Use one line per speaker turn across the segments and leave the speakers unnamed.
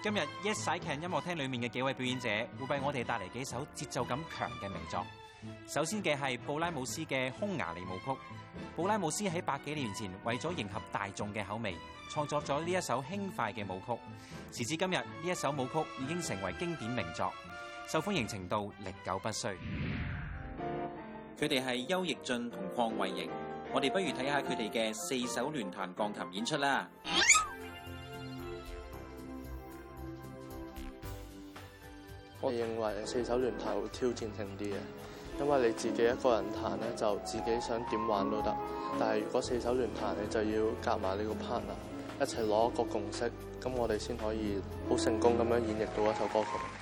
今日 Eastside 音樂廳裏面嘅幾位表演者會為我哋帶嚟幾首節奏感強嘅名作。首先嘅係布拉姆斯嘅《匈牙利舞曲》。布拉姆斯喺百幾年前為咗迎合大眾嘅口味，創作咗呢一首輕快嘅舞曲。時至今日，呢一首舞曲已經成為經典名作，受歡迎程度歷久不衰。佢哋係邱逸俊同鄺偉瑩，我哋不如睇下佢哋嘅四手聯彈鋼琴演出啦。我認為四手聯彈會挑戰性啲嘅，因為你自己一個人彈咧就自己想點玩都得，但係如果四手聯彈，你就要夾埋呢個 partner 一齊攞一個共識，咁我哋先可以好成功咁樣演繹到一首歌曲。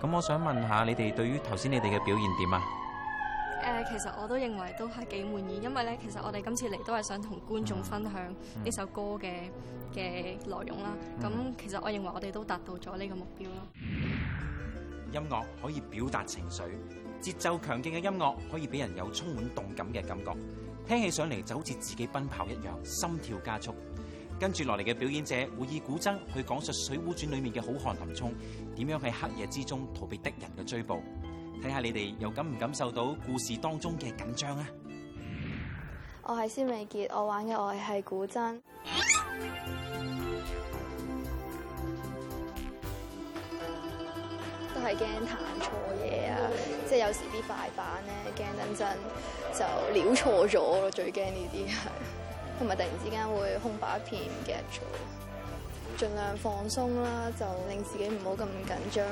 咁我想問下你哋對於頭先你哋嘅表現點啊？誒、呃，其實我都認為都係幾滿意，因為咧，其實我哋今次嚟都係想同觀眾分享呢首歌嘅、嘅、嗯、內容啦。咁、嗯、其實我認為我哋都達到咗呢個目標咯。音樂可以表達情緒，節奏強勁嘅音樂可以俾人有充滿動感嘅感覺，聽起上嚟就好似自己奔跑一樣，心跳加速。跟住落嚟嘅表演者會以古箏去講述《水滸傳》裏面嘅好漢林沖點樣喺黑夜之中逃避敵人嘅追捕。睇下你哋又感唔感受到故事當中嘅緊張啊！
我係蕭美杰，我玩嘅樂器係古箏。 都係驚彈錯嘢啊！即係有時啲快板咧，驚等陣就
撩錯咗咯，最驚呢啲係。同埋突然之間會空白一片，唔記得咗，盡量放鬆啦，就令自己唔好咁緊張。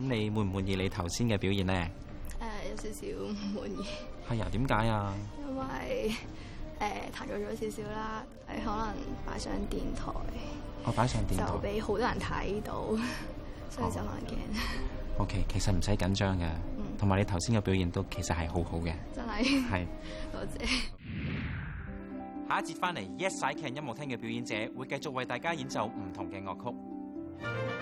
咁你滿唔滿意你頭先嘅表現咧？
誒、呃，有少少
唔滿意。係啊？點解啊？因為誒彈錯咗少少啦，呃、點點可能擺上電台，我、哦、擺上電台就俾好多人睇到，所以就可能驚。哦、o、okay, K，其實唔使緊張嘅，同、嗯、埋你頭先嘅表現都其實係好好嘅。真係。係。多謝，謝。下一節翻嚟 ，Yes，I，Can，音樂廳嘅表演者會繼續為大家演奏唔同嘅樂曲。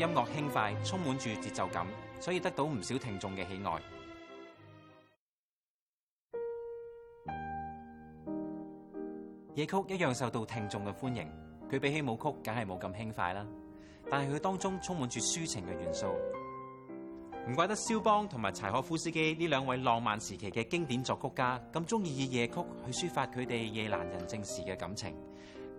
音樂輕快，充滿住節奏感，所以得到唔少聽眾嘅喜愛。夜曲一樣受到聽眾嘅歡迎，佢比起舞曲梗係冇咁輕快啦，但係佢當中充滿住抒情嘅元素。唔怪得肖邦同埋柴可夫斯基呢兩位浪漫時期嘅經典作曲家咁中意以夜曲去抒發佢哋夜闌人靜時嘅感情。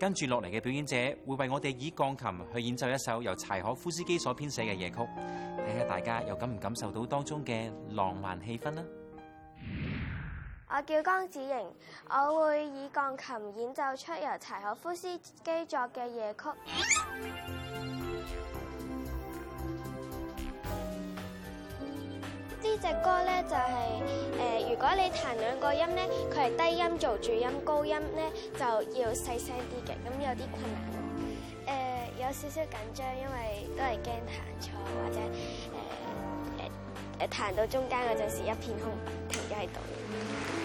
跟住落嚟嘅表演者會為我哋以鋼琴去演奏一首由柴可夫斯基所編寫嘅夜曲，睇下大家又感唔感受到當中嘅浪漫氣氛啦。
我叫江子瑩，我會以鋼琴演奏出由柴可夫斯基作嘅夜曲。隻歌咧就係、是、誒、呃，如果你彈兩個音咧，佢係低音做主音，高音咧就要細聲啲嘅，咁有啲困難。誒、呃，有少少緊張，因為都係驚彈錯或者誒誒、呃呃呃、彈到中間嗰陣時是一片空白停在裏，停咗喺度。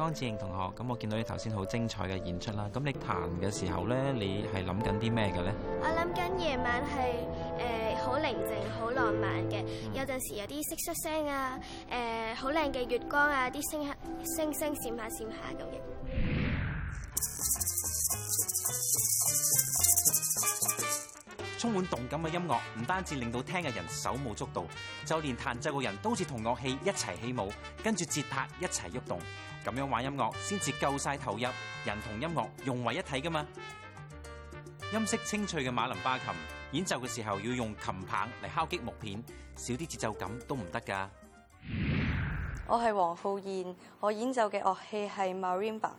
江志瑩同學，咁我見到你頭先好精彩嘅演出啦。咁你彈嘅時候咧，你係諗緊啲咩嘅咧？
我諗緊夜晚係誒好寧靜、好浪漫嘅。Mm -hmm. 有陣時有啲蟋蟀聲啊，誒好靚嘅月光啊，啲星星星閃下閃下咁嘅。
充滿動感嘅音樂唔單止令到聽嘅人手舞足蹈，就連彈奏嘅人都似同樂器一齊起舞，跟住節拍一齊喐動。咁樣玩音樂先至夠晒投入，人同音樂融為一體噶嘛。音色清脆嘅馬林巴琴演奏嘅時候要用琴棒嚟敲擊木片，少啲節奏感都唔得噶。我係黃浩燕，我演奏嘅樂器係 marimba。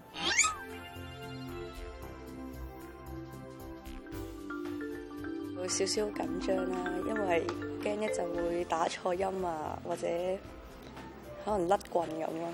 我會少少緊張啦，因為驚一就會打錯音啊，或者可能甩棍咁啊。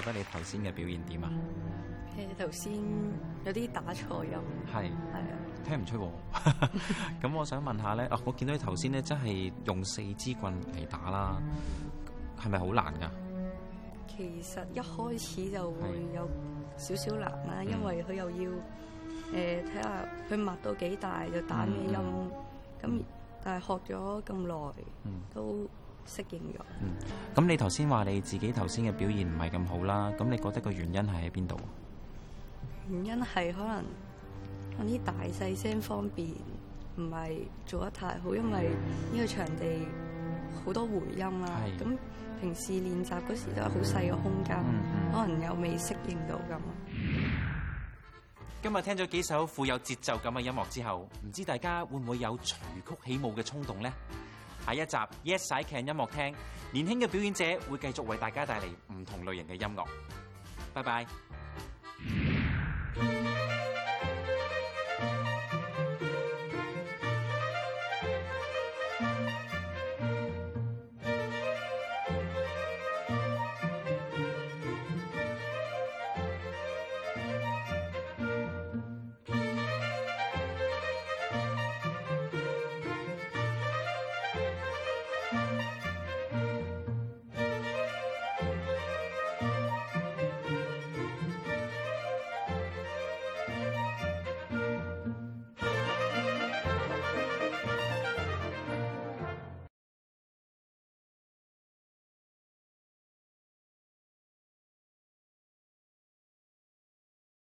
覺得你頭先嘅表現點、嗯、才有點、嗯、啊？誒頭先有啲打錯音，係係啊，聽唔出喎。咁我想問一下咧，啊、哦、我見到你頭先咧，真係用四支棍嚟打啦，係咪好難㗎？其實一開始就會有少少難啦，因為佢又要誒睇下佢抹到幾大，就打咩音，咁、嗯嗯、但係學咗咁耐都，適應咗。嗯，咁你頭先話你自己頭先嘅表現唔係咁好啦，咁你覺得個原因係喺邊度？原因係可能我啲大細聲方面唔係做得太好，因為呢個場地好多回音啦。咁平時練習嗰時都係好細嘅空間，嗯嗯、可能又未適應到咁。今日聽咗幾首富有節奏感嘅音樂之後，唔知大家會唔會有隨曲起舞嘅衝動咧？下一集 Yes I Can 音樂廳，年輕嘅表演者會繼續為大家帶嚟唔同類型嘅音樂。拜拜。